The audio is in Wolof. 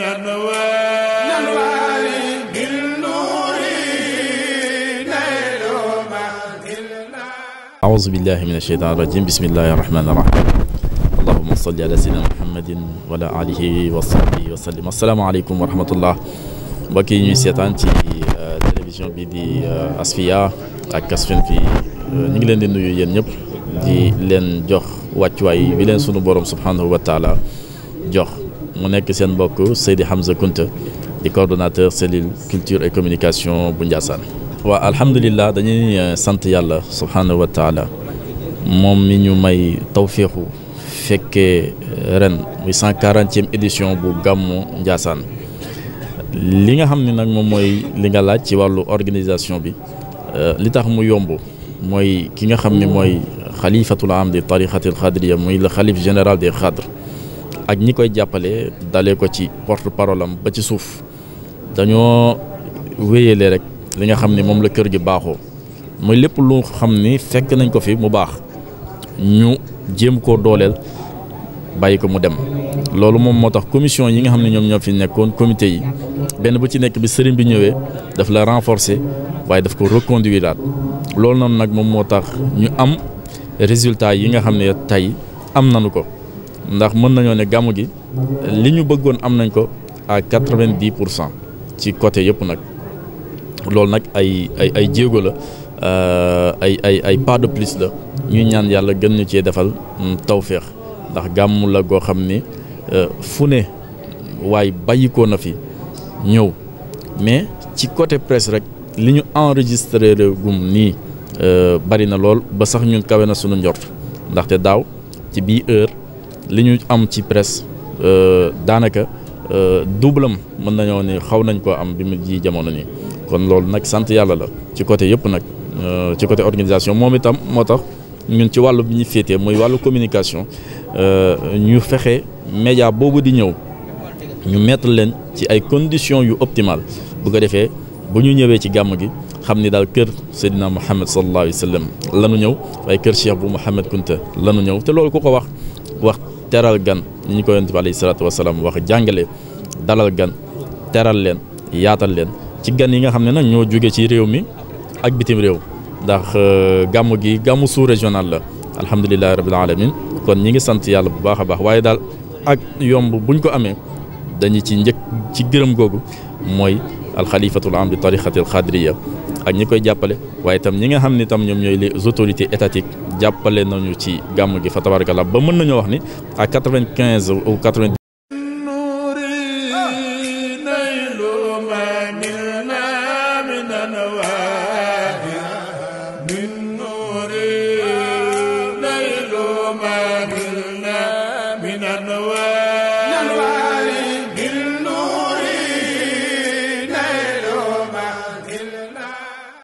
أعوذ بالله من الشيطان الرجيم بسم الله الرحمن الرحيم اللهم صل على سيدنا محمد وعلى آله وصحبه وسلم السلام عليكم ورحمة الله mbokk yi ñuy seetaan ci télévision bi di Asfiya ak Asfin fii ñu ngi leen di nuyu yéen ñëpp di leen jox wàccuwaay bi leen sunu borom subhanahu wa taala jox mu nekk seen mbokk Seydi Hamza Kounta di coordonnateur cellule culture et communication bu Ndiassane. waaw alhamdulilah dañuy euh, sant yàlla subhaanahu wa moom mi ñu may tawféexu fekkee euh, ren muy cent quarantième édition bu gàmmu Ndiassane li nga xam ni nag moom mooy li nga laaj ci wàllu organisation bi euh, li tax mu yombu mooy ki nga xam ni mooy xalifatul am di tarixatil xadriya muy le xalif général des xadr ak ñi koy jàppalee dalee ko ci porte parole am ba ci suuf dañoo wéyale rek li nga xam ni moom la kër gi baaxoo mooy lépp lu xam ni fekk nañ ko fi mu baax ñu jéem koo dooleel bàyyi ko mu dem loolu moom moo tax commission yi nga xam ne ñoom ñoo fi nekkoon comité yi benn bu ci nekk bi sëriñ bi ñëwee daf la renforcer waaye daf ko reconduiraat loolu noonu nag moom moo tax ñu am résultat yi nga xam ne tey am nanu ko ndax mën nañoo ne gàmmu gi li ñu bëggoon am nañ ko à quatre-vingt-dix pour cent ci côté yëpp nag loolu nag ay ay ay jéego la euh, ay ay ay pas de plus la ñuy ñaan yàlla gën ñu cee defal mm, tawféex ndax gàmmu la goo xam ni euh, fu ne waaye bàyyikoo na fi ñëw mais ci côté presse rek li ñu enregistré gum nii euh, bari na lool ba sax ñu kawe na sunu njort ndaxte daaw ci bii heure. li ñu am ci presse euh, daanaka euh, doublam mën nañoo ni xaw nañ koo am bi mu ji jamono nii kon loolu nag sant yàlla la ci côté yëpp nag euh, ci côté organisation moom itam moo tax ñun ci wàllu bi ñu féetee muy wàllu communication ñu fexe média boobu di ñëw ñu mett leen ci ay conditions yu optimal bu ko defee bu ñu ñëwee ci gàmm gi xam ni daal kër Seydina Mouhamed sallallahu alayhi wa sallam lanu ñëw waaye kër Cheikh bu Mouhamed Kunta lanu ñëw te loolu ku ko wax wax teral gan ni ñu ko yonent bi alayhi salaatu wasalaam wax jàngale dalal gan teral leen yaatal leen ci gan yi nga xam ne nag ñoo jóge ci réew mi ak bitim réew ndax euh, gàmmu gi gàmmu sous régional la alhamdulilahi rabbil alamin kon ñi ngi sant yàlla bu baax a baax waaye daal ak yomb buñ ko amee dañu ci njëkk ci gërëm googu mooy alxalifatul am di tarixati alxadriya ak ñi koy jàppale waaye itam ñi nga xam ni tam ñoom ñooy les autorités étatiques jàppale nañu ci gàmm gi fa tabarakallah ba mën nañoo wax ni à quatre-vingt-quinze ou quatre-vingt